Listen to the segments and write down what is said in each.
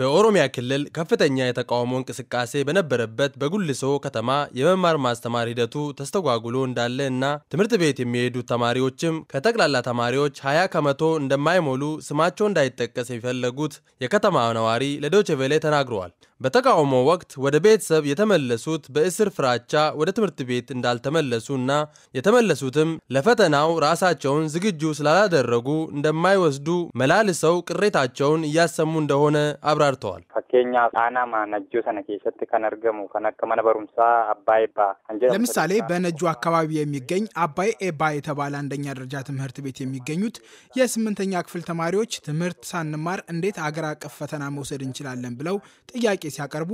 በኦሮሚያ ክልል ከፍተኛ የተቃውሞ እንቅስቃሴ በነበረበት በጉልሶ ከተማ የመማር ማስተማር ሂደቱ ተስተጓጉሎ እንዳለ እና ትምህርት ቤት የሚሄዱት ተማሪዎችም ከጠቅላላ ተማሪዎች 20 ከመቶ እንደማይሞሉ ስማቸው እንዳይጠቀስ የፈለጉት የከተማ ነዋሪ ለዶቼ ተናግረዋል። በተቃውሞ ወቅት ወደ ቤተሰብ የተመለሱት በእስር ፍራቻ ወደ ትምህርት ቤት እንዳልተመለሱ እና የተመለሱትም ለፈተናው ራሳቸውን ዝግጁ ስላላደረጉ እንደማይወስዱ መላልሰው ቅሬታቸውን እያሰሙ እንደሆነ አብራ አብራርተዋል። ፈኬኛ ጣና ማነጆ ሰነ ኬሰት ከን አርገሙ መነ በሩምሳ አባይ ኤባ ለምሳሌ በነጆ አካባቢ የሚገኝ አባይ ኤባ የተባለ አንደኛ ደረጃ ትምህርት ቤት የሚገኙት የስምንተኛ ክፍል ተማሪዎች ትምህርት ሳንማር እንዴት አገር አቀፍ ፈተና መውሰድ እንችላለን ብለው ጥያቄ ሲያቀርቡ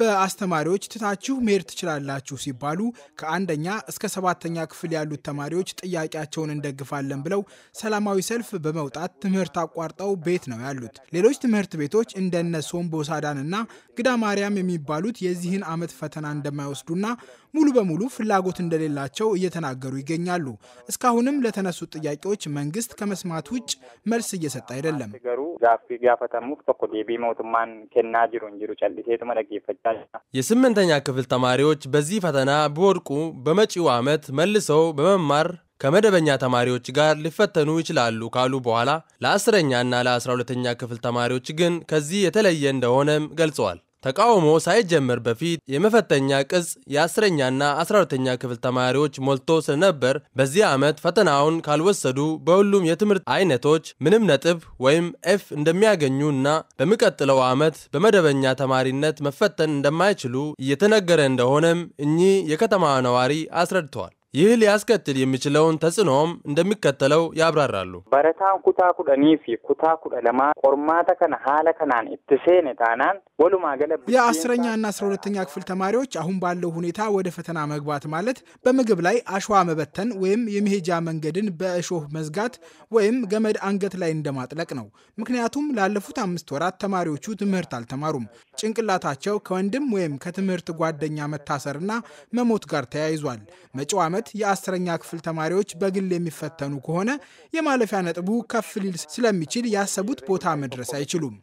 በአስተማሪዎች ትታችሁ መሄድ ትችላላችሁ ሲባሉ ከአንደኛ እስከ ሰባተኛ ክፍል ያሉት ተማሪዎች ጥያቄያቸውን እንደግፋለን ብለው ሰላማዊ ሰልፍ በመውጣት ትምህርት አቋርጠው ቤት ነው ያሉት። ሌሎች ትምህርት ቤቶች እንደነ እነ ሶምቦሳዳን እና ግዳ ማርያም የሚባሉት የዚህን ዓመት ፈተና እንደማይወስዱና ሙሉ በሙሉ ፍላጎት እንደሌላቸው እየተናገሩ ይገኛሉ። እስካሁንም ለተነሱት ጥያቄዎች መንግስት ከመስማት ውጭ መልስ እየሰጠ አይደለም። የስምንተኛ ክፍል ተማሪዎች በዚህ ፈተና ቢወድቁ በመጪው ዓመት መልሰው በመማር ከመደበኛ ተማሪዎች ጋር ሊፈተኑ ይችላሉ ካሉ በኋላ ለአስረኛና ለአስራ ሁለተኛ ክፍል ተማሪዎች ግን ከዚህ የተለየ እንደሆነም ገልጸዋል። ተቃውሞ ሳይጀመር በፊት የመፈተኛ ቅጽ የአስረኛና አስራ ሁለተኛ ክፍል ተማሪዎች ሞልቶ ስለነበር በዚህ ዓመት ፈተናውን ካልወሰዱ በሁሉም የትምህርት አይነቶች ምንም ነጥብ ወይም ኤፍ እንደሚያገኙ እና በሚቀጥለው ዓመት በመደበኛ ተማሪነት መፈተን እንደማይችሉ እየተነገረ እንደሆነም እኚህ የከተማ ነዋሪ አስረድተዋል። ይህ ሊያስከትል የሚችለውን ተጽዕኖም እንደሚከተለው ያብራራሉ። በረታን ኩታ ኩደኒ ኩታ ኩደ ለማ ቆርማተ ከነ ሀለ ከናን እትሴን ታናን ወሉማ ገለ የአስረኛ እና አስራ ሁለተኛ ክፍል ተማሪዎች አሁን ባለው ሁኔታ ወደ ፈተና መግባት ማለት በምግብ ላይ አሸዋ መበተን ወይም የመሄጃ መንገድን በእሾህ መዝጋት ወይም ገመድ አንገት ላይ እንደማጥለቅ ነው። ምክንያቱም ላለፉት አምስት ወራት ተማሪዎቹ ትምህርት አልተማሩም። ጭንቅላታቸው ከወንድም ወይም ከትምህርት ጓደኛ መታሰርና መሞት ጋር ተያይዟል። መጪው ዓመት ዓመት የአስረኛ ክፍል ተማሪዎች በግል የሚፈተኑ ከሆነ የማለፊያ ነጥቡ ከፍ ሊል ስለሚችል ያሰቡት ቦታ መድረስ አይችሉም።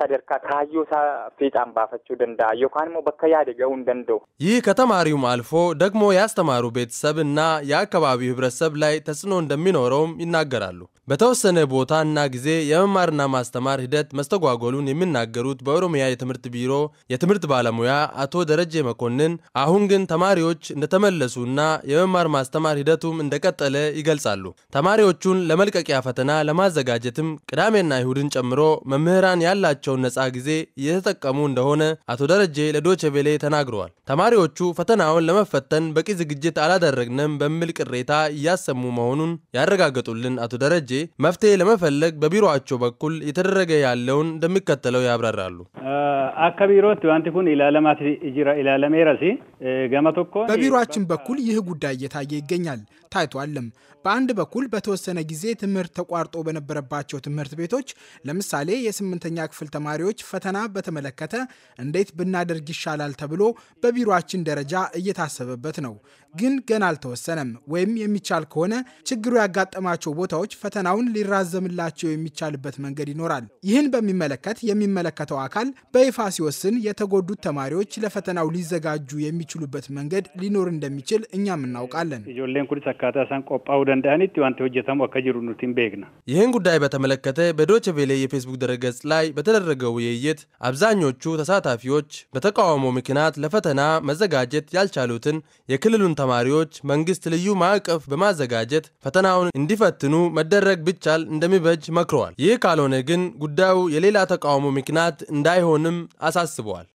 sadarkaa kaayyoo isaa fiixaan baafachuu danda'a yookaan immoo bakka yaade ገውን danda'u ይህ ከተማሪውም አልፎ ደግሞ ያስተማሩ ቤተሰብና የአካባቢው ህብረተሰብ ላይ ተጽዕኖ እንደሚኖረውም ይናገራሉ። በተወሰነ ቦታና ጊዜ የመማርና ማስተማር ሂደት መስተጓጎሉን የሚናገሩት በኦሮሚያ የትምህርት ቢሮ የትምህርት ባለሙያ አቶ ደረጀ መኮንን፣ አሁን ግን ተማሪዎች እንደተመለሱና የመማር ማስተማር ሂደቱም እንደቀጠለ ይገልጻሉ። ተማሪዎቹን ለመልቀቂያ ፈተና ለማዘጋጀትም ቅዳሜና ይሁድን ጨምሮ መምህራን ያላቸው ያላቸውን ነፃ ጊዜ እየተጠቀሙ እንደሆነ አቶ ደረጀ ለዶችቬሌ ተናግረዋል። ተማሪዎቹ ፈተናውን ለመፈተን በቂ ዝግጅት አላደረግንም በሚል ቅሬታ እያሰሙ መሆኑን ያረጋገጡልን አቶ ደረጀ መፍትሄ ለመፈለግ በቢሮቸው በኩል እየተደረገ ያለውን እንደሚከተለው ያብራራሉ። በቢሮችን በኩል ይህ ጉዳይ እየታየ ይገኛል ታይቷልም። በአንድ በኩል በተወሰነ ጊዜ ትምህርት ተቋርጦ በነበረባቸው ትምህርት ቤቶች ለምሳሌ የስምንተኛ ክፍል ተማሪዎች ፈተና በተመለከተ እንዴት ብናደርግ ይሻላል ተብሎ በቢሮችን ደረጃ እየታሰበበት ነው። ግን ገና አልተወሰነም። ወይም የሚቻል ከሆነ ችግሩ ያጋጠማቸው ቦታዎች ፈተናውን ሊራዘምላቸው የሚቻልበት መንገድ ይኖራል። ይህን በሚመለከት የሚመለከተው አካል በይፋ ሲወስን የተጎዱት ተማሪዎች ለፈተናው ሊዘጋጁ የሚችሉበት መንገድ ሊኖር እንደሚችል እኛም እናውቃለን። ይህን ጉዳይ በተመለከተ በዶይቼ ቬለ የፌስቡክ ድረገጽ ላይ በተደረገው ውይይት አብዛኞቹ ተሳታፊዎች በተቃውሞ ምክንያት ለፈተና መዘጋጀት ያልቻሉትን የክልሉን ተማሪዎች መንግስት ልዩ ማዕቀፍ በማዘጋጀት ፈተናውን እንዲፈትኑ መደረግ ብቻል እንደሚበጅ መክረዋል። ይህ ካልሆነ ግን ጉዳዩ የሌላ ተቃውሞ ምክንያት እንዳይሆንም አሳስበዋል።